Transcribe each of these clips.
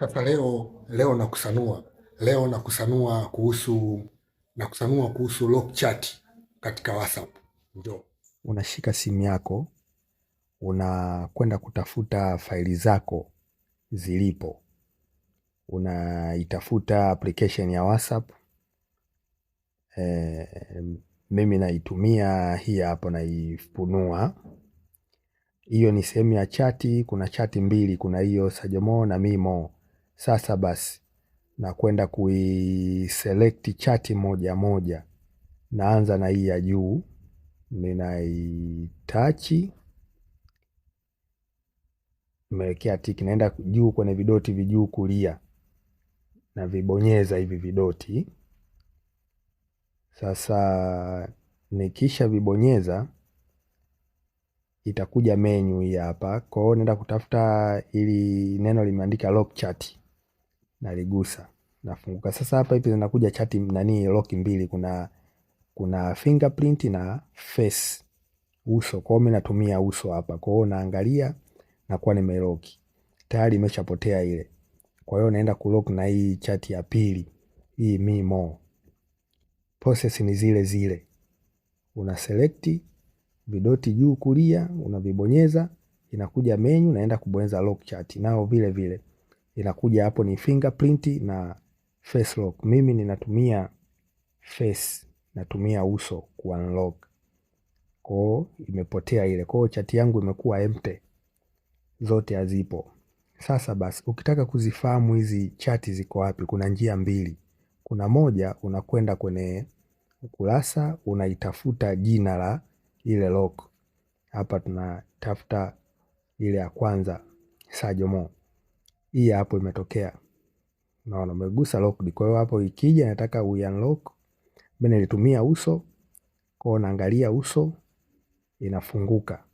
Sasa leo leo nakusanua leo nakusanua kuhusu nakusanua kuhusu lock chat katika WhatsApp. Ndio unashika simu yako unakwenda kutafuta faili zako zilipo, unaitafuta application ya WhatsApp. E, mimi naitumia hii hapo, naifunua hiyo ni sehemu ya chati. Kuna chati mbili, kuna hiyo Sajomo na Mimo. Sasa basi nakwenda kuiselekti chati moja moja, naanza na hii ya juu, ninaitachi mewekea tiki, naenda juu kwenye vidoti vijuu kulia, na vibonyeza hivi vidoti. Sasa nikisha vibonyeza itakuja menyu hii hapa. Kwa hiyo naenda kutafuta ili neno limeandika lock chati naligusa nafunguka. Sasa hapa hivi zinakuja chati nani lock mbili, kuna kuna fingerprint na face uso. Kwa hiyo mimi natumia uso hapa, kwa hiyo naangalia na kuwa nimelock tayari, imeshapotea ile. Kwa hiyo naenda kulock na hii chati ya pili hii mi mo. Process ni zile zile, una select vidoti juu kulia, unavibonyeza inakuja menu, naenda kubonyeza lock chart nao vile vile inakuja hapo ni fingerprint na face lock. Mimi ninatumia face, natumia uso ku unlock. Kwa imepotea ile, Kwa chati yangu imekuwa empty, zote hazipo. Sasa basi, ukitaka kuzifahamu hizi chati ziko wapi, kuna njia mbili. Kuna moja, unakwenda kwenye ukurasa unaitafuta jina la ile lock. Hapa tunatafuta ile ya kwanza Sajomo hii hapo imetokea, naona umegusa locked. Kwa hiyo hapo ikija nataka u unlock, mimi nilitumia uso, kwa hiyo naangalia uso inafunguka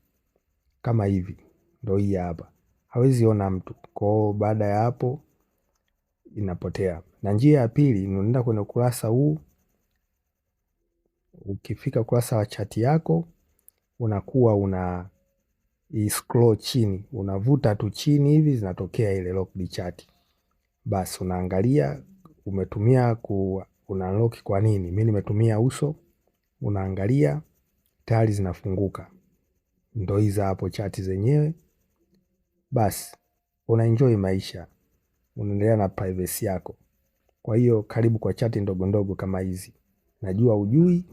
kama hivi, ndio hii hapa, hawezi ona mtu. Kwa hiyo baada ya hapo inapotea. Na njia ya pili unaenda kwenye ukurasa huu, ukifika ukurasa wa chati yako unakuwa una iscroll chini, unavuta tu chini hivi zinatokea ile lock chart. Basi unaangalia umetumia ku una lock kwa nini? Mimi nimetumia uso, unaangalia tayari zinafunguka. Ndo hizo hapo chati zenyewe. Basi enjoy maisha, unaendelea na privacy yako. Kwa hiyo karibu kwa chati ndogo ndogo kama hizi. Najua ujui